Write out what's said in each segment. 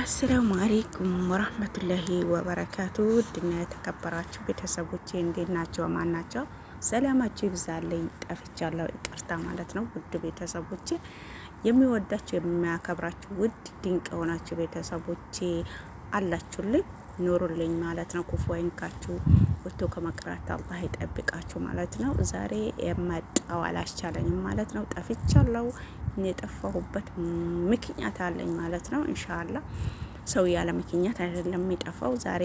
አሰላሙ አሌይኩም ወራህመቱላሂ ወበረካቱ። ውድና የተከበራችሁ ቤተሰቦቼ እንዴት ናቸው? ማን ናቸው? ሰላማችሁ ይብዛልኝ። ጠፍቻለሁ፣ ይቅርታ ማለት ነው። ውድ ቤተሰቦቼ የሚወዳችሁ የሚያከብራችሁ ውድ ድንቅ የሆናችሁ ቤተሰቦቼ አላችሁልኝ፣ ኖሩልኝ ማለት ነው። ክፉ አይንካችሁ፣ ወጥቶ ከመቅረት አላህ ይጠብቃችሁ ማለት ነው። ዛሬ የመጣው አላስቻለኝም ማለት ነው። ጠፍቻለሁ የጠፋሁበት ምክንያት አለኝ ማለት ነው። እንሻላ ሰው ያለ ምክንያት አይደለም የሚጠፋው። ዛሬ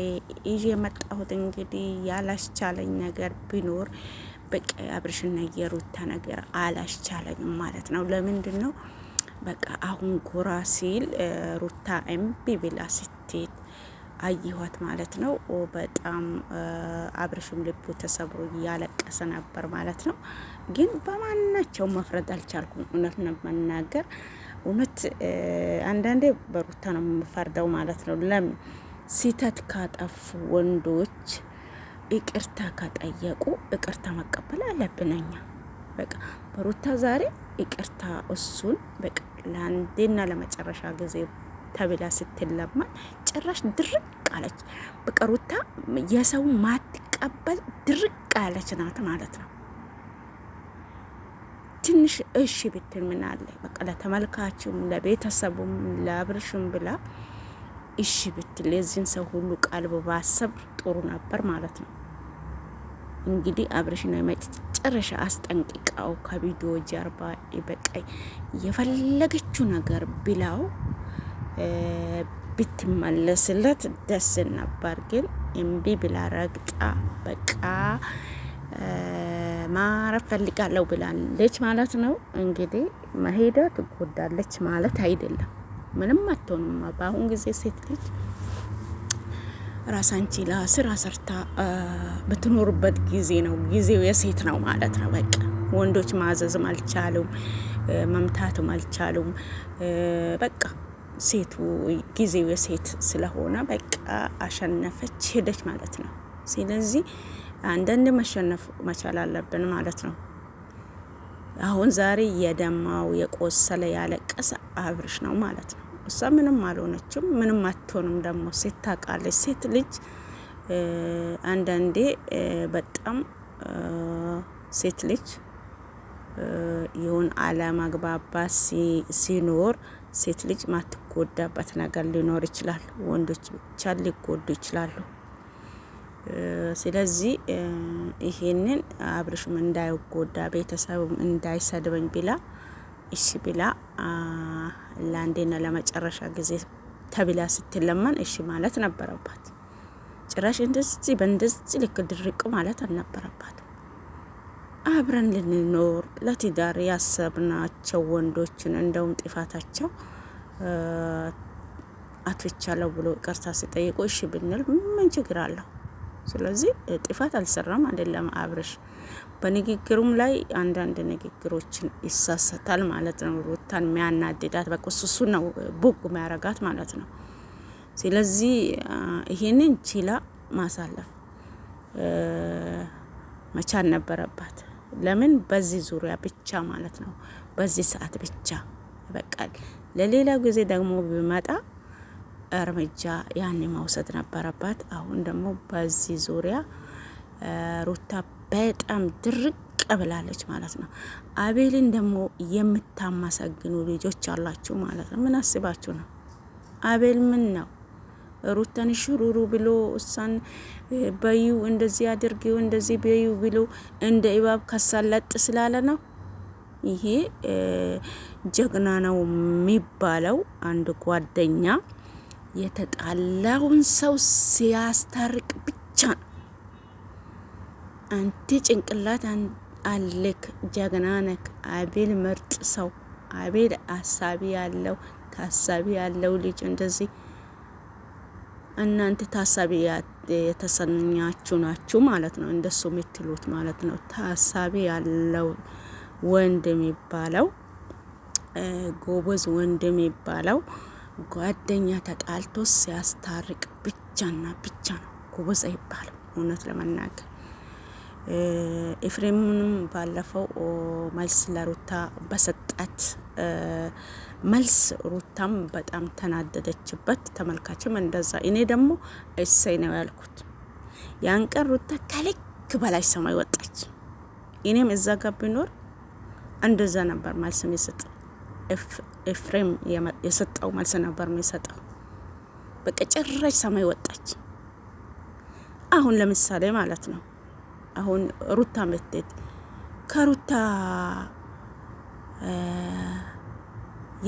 ይዤ የመጣሁት እንግዲህ ያላስቻለኝ ነገር ቢኖር በቃ አብርሽና የሩታ ነገር አላስቻለኝም ማለት ነው። ለምንድን ነው በቃ አሁን ጎራ ሲል ሩታ እምቢ ብላ ስትሄድ አየኋት ማለት ነው። በጣም አብርሽም ልቡ ተሰብሮ እያለቀሰ ነበር ማለት ነው። ግን በማናቸው መፍረድ አልቻልኩም። እውነት ነው መናገር እውነት አንዳንዴ በሩታ ነው የምፈርደው ማለት ነው። ለምን ስህተት ካጠፉ ወንዶች ይቅርታ ከጠየቁ ይቅርታ መቀበል አለብነኛ። በቃ በሩታ ዛሬ ይቅርታ እሱን በቃ ለአንዴና ለመጨረሻ ጊዜ ተብላ ስትለመን ጭራሽ ድርቅ አለች። በቀሩታ የሰው ማትቀበል ድርቅ አለች ናት ማለት ነው። ትንሽ እሺ ብትል ምን አለ በቃ ለተመልካችም ለቤተሰቡም ለአብርሽም ብላ እሺ ብትል የዚህን ሰው ሁሉ ቀልብ ባሰብ ጥሩ ነበር ማለት ነው። እንግዲህ አብርሽ ነው የመጨረሻ አስጠንቅቃው ከቪዲዮ ጀርባ በቃ የፈለገችው ነገር ብላው ብትመለስለት ደስ ነበር፣ ግን እምቢ ብላ ረግጣ በቃ ማረፍ ፈልጋለሁ ብላለች ማለት ነው። እንግዲህ መሄዳ ትጎዳለች ማለት አይደለም። ምንም አትሆንም። በአሁን ጊዜ ሴት ልጅ ራሳን ችላ ስራ ሰርታ ብትኖርበት ጊዜ ነው። ጊዜው የሴት ነው ማለት ነው። በቃ ወንዶች ማዘዝም አልቻሉም፣ መምታትም አልቻሉም። በቃ ሴቱ ጊዜው የሴት ስለሆነ በቃ አሸነፈች ሄደች ማለት ነው። ስለዚህ አንዳንድ መሸነፍ መቻል አለብን ማለት ነው። አሁን ዛሬ የደማው የቆሰለ ያለቀሰ አብርሽ ነው ማለት ነው። እሷ ምንም አልሆነችም፣ ምንም አትሆንም። ደግሞ ሴት ታውቃለች። ሴት ልጅ አንዳንዴ በጣም ሴት ልጅ ይሁን አለመግባባት ሲኖር ሴት ልጅ ማትጎዳበት ነገር ሊኖር ይችላል። ወንዶች ብቻ ሊጎዱ ይችላሉ። ስለዚህ ይሄንን አብርሽም እንዳይጎዳ ቤተሰብም እንዳይሰድበኝ ብላ እሺ ብላ ለአንዴና ለመጨረሻ ጊዜ ተብላ ስትለመን እሺ ማለት ነበረባት። ጭራሽ እንደዚህ በእንደዚህ ልክ ድርቅ ማለት አልነበረባት። አብረን ልንኖር ለትዳር ያሰብናቸው ወንዶችን እንደውም ጥፋታቸው አትፍቻለሁ ብሎ ቀርታ ሲጠይቁ እሺ ብንል ምን ችግር አለው? ስለዚህ ጥፋት አልሰራም አይደለም አብርሽ። በንግግሩም ላይ አንዳንድ ንግግሮችን ይሳሰታል ማለት ነው። ሩታን የሚያናድዳት በቃ እሱ ነው ቡግ የሚያረጋት ማለት ነው። ስለዚህ ይሄንን ችላ ማሳለፍ መቻል ነበረባት። ለምን በዚህ ዙሪያ ብቻ ማለት ነው። በዚህ ሰዓት ብቻ ይበቃል። ለሌላው ጊዜ ደግሞ ቢመጣ እርምጃ ያን መውሰድ ነበረባት። አሁን ደግሞ በዚህ ዙሪያ ሩታ በጣም ድርቅ ብላለች ማለት ነው። አቤልን ደግሞ የምታመሰግኑ ልጆች አላችሁ ማለት ነው። ምን አስባችሁ ነው? አቤል ምን ነው ሩተን ሽሩሩ ብሎ እሷን በዩ እንደዚህ አድርጊው እንደዚህ በዩ ብሎ እንደ እባብ ከሳለጥ ስላለ ነው። ይሄ ጀግና ነው የሚባለው። አንድ ጓደኛ የተጣላውን ሰው ሲያስታርቅ ብቻ ነው። አንተ ጭንቅላት አለክ፣ ጀግና ነክ። አቤል ምርጥ ሰው፣ አቤል አሳቢ ያለው ታሳቢ ያለው ልጅ እንደዚህ እናንተ ታሳቢ የተሰኛችሁ ናችሁ ማለት ነው። እንደሱ የምትሉት ማለት ነው። ታሳቢ ያለው ወንድ የሚባለው ጎበዝ ወንድ የሚባለው ጓደኛ ተጣልቶ ሲያስታርቅ ብቻና ብቻ ነው። ጎበዝ አይባልም እውነት ለመናገር ኤፍሬምንም ባለፈው መልስ ለሩታ በሰጣት መልስ ሩታም በጣም ተናደደችበት። ተመልካችም እንደዛ። እኔ ደግሞ እሰይ ነው ያልኩት። ያን ቀን ሩታ ከልክ በላይ ሰማይ ወጣች። እኔም እዛ ጋር ቢኖር እንደዛ ነበር መልስ የሚሰጥ። ኤፍሬም የሰጠው መልስ ነበር የሚሰጠው። በቃ ጭራሽ ሰማይ ወጣች። አሁን ለምሳሌ ማለት ነው አሁን ሩታ መተት ከሩታ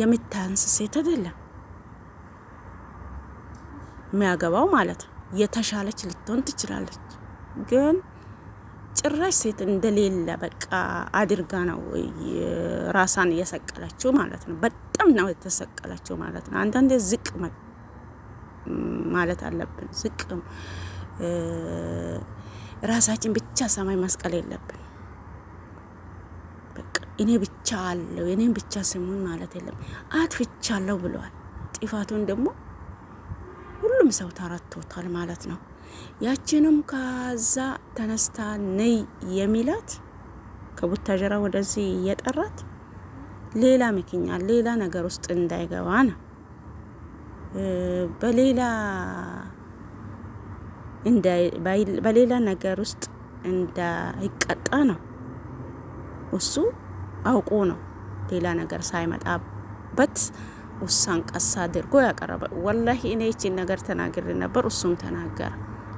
የምታንስ ሴት አይደለም የሚያገባው ማለት ነው። የተሻለች ልትሆን ትችላለች፣ ግን ጭራሽ ሴት እንደሌለ በቃ አድርጋ ነው ራሳን እየሰቀለችው ማለት ነው። በጣም ነው የተሰቀለችው ማለት ነው። አንዳንዴ ዝቅ ማለት አለብን ዝቅ ራሳችን ብቻ ሰማይ መስቀል የለብን። በቃ እኔ ብቻ አለው እኔም ብቻ ስሙን ማለት የለም። አለው ብለዋል። ጥፋቱን ደግሞ ሁሉም ሰው ተረቶታል ማለት ነው። ያችንም ከዛ ተነስታ ነይ የሚላት ከቡታጀራ ወደዚህ እየጠራት ሌላ ምክንያት ሌላ ነገር ውስጥ እንዳይገባ ነው በሌላ በሌላ ነገር ውስጥ እንዳይቀጣ ነው። እሱ አውቆ ነው ሌላ ነገር ሳይመጣበት ውሳን ቀስ አድርጎ ያቀረበ። ወላሂ እኔ ይችን ነገር ተናግሬ ነበር፣ እሱም ተናገረ።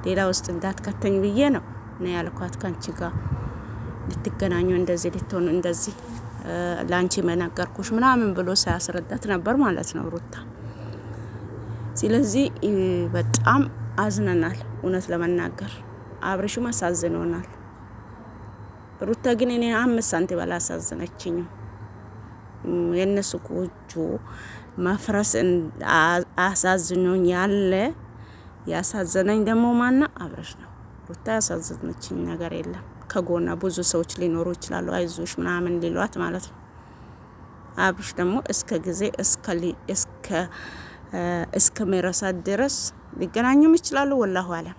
ሌላ ውስጥ እንዳትከተኝ ብዬ ነው እኔ ያልኳት ከአንቺ ጋር ልትገናኙ እንደዚህ ልትሆኑ እንደዚህ ለአንቺ መነገርኩሽ ምናምን ብሎ ሳያስረዳት ነበር ማለት ነው ሩታ። ስለዚህ በጣም አዝነናል። እውነት ለመናገር አብርሽም አሳዝኖናል። ሩታ ግን እኔ አምስት ሳንቲም አላሳዘነችኝም። የእነሱ ጎጆ መፍረስ አሳዝኖኝ ያለ ያሳዘነኝ ደግሞ ማና አብርሽ ነው። ሩታ ያሳዘነችኝ ነገር የለም። ከጎና ብዙ ሰዎች ሊኖሩ ይችላሉ፣ አይዞሽ ምናምን ሊሏት ማለት ነው። አብርሽ ደግሞ እስከ ጊዜ እስከ እስከ እስከ መረሳት ድረስ ሊገናኙም ይችላሉ። ወላሁ አለም